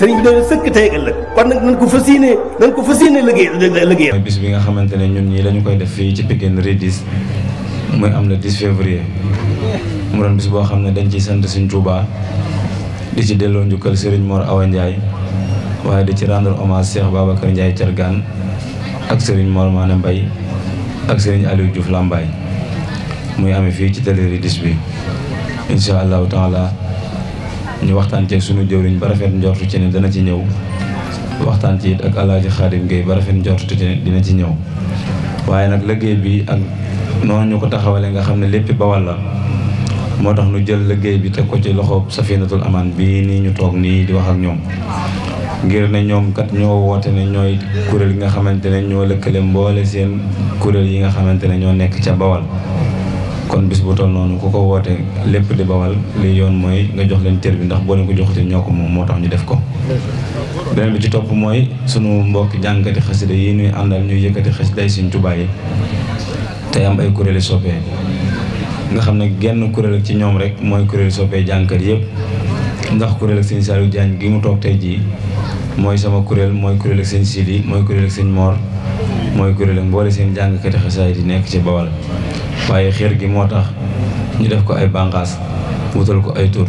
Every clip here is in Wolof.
sëriñ bi dañu sëkk tey ëllëg kon nag nañ ko fas yéene ko fas yéene liggéey liggéey mooy bis bi nga xamante ne ñun ñii lañu koy def fii ci Pikine Redis muy am le 10 février mu doon bis boo xam ne dañ ciy sant suñ Touba di ci delloo njukkal Serigne Mor Awa Ndiaye waaye di ci rendre hommage Cheikh Babacar Ndiaye Thiergane ak Serigne Mor Mané mbay ak Serigne Aliou Diouf Lambaye muy ame fii ci télé Redis bi incha allahu taala ñu waxtaan ceeg sunu jëwriñ ba rafet njortu ci ne dana ci ñëw waxtaan ci it ak alaaji xaadim Gueye ba rafet njortu ci ne dina ci ñëw waaye nag liggéey bi ak noonu ñu ko taxawale nga xam ne lépp bawal la moo tax nu jël liggéey bi teg ko ci loxo safinatul amaan bii nii ñu toog nii di wax ak ñoom ngir ne ñoom kat ñoo woote ne ñooy kuréel yi nga xamante ne ñoo lëkkale mboole seen kuréel yi nga xamante ne ñoo nekk ca bawal kon bis bu toll noonu ku ko wootee lépp di bawal li yoon mooy nga jox leen cër bi ndax boo leen ko jox te ñoo ko moom moo tax ñu def ko beneen bi ci topp mooy sunu mbokk jàngkati xasida yi ñuy àndal ñuy yëkkati xasida yi suñ tubaay yi tey am ay kuréeli soppe nga xam ne genn kuréel ci ñoom rek mooy kuréeli soppe jàngkat yëpp ndax kuréel ak sëñ Saliou Diagne gi mu toog tey jii mooy sama kuréel mooy kuréel ak sëñ Sidi mooy kuréel ak sëñ Mor mooy kuréel ak mboole seen jàngkati xasaay di nekk ci bawal waaye xeer gi moo tax ñu def ko ay bànqaas wutal ko ay tur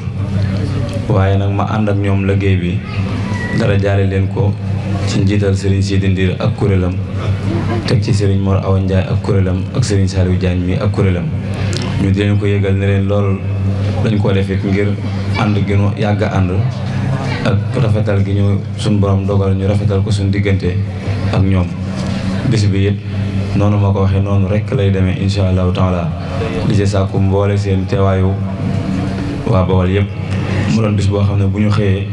waaye nag ma ànd ak ñoom liggéey bi dara jaale leen ko ci njiital Serigne Sidi Ndir ak kuréelam teg ci Serigne Mor Awa Ndiaye ak kuréelam ak Serigne Saliou Diagne mi ak kuréelam ñu di leen ko yëgal ne leen loolu dañ koo defee ngir ànd gi ñu yàgg ànd ak rafetal gi ñu suñ borom dogal ñu rafetal ko suñ diggante ak ñoom bis bi yëpp noonu ma ko waxee noonu rek lay demee incha allahu taala di saaku mboole seen teewaayu waa Bawol yëpp mu doon bis boo xam ne bu ñu xëyee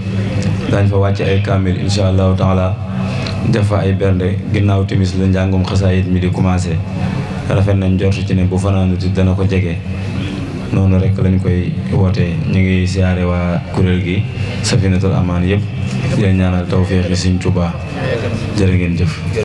daañ fa wàcc ay kaamil incha allahu taala def fa ay bernde ginnaaw timis la njàngum xasaayit mi di commencé rafet nañ jortu ci ne bu fanaanuti dana ko jege noonu rek lañ koy wootee ñu ngi siyaare waa kuréel gi safinatul amaan yëpp di leen ñaanal tawféex yi Sëriñ Tuubaa jërë ngeen jëf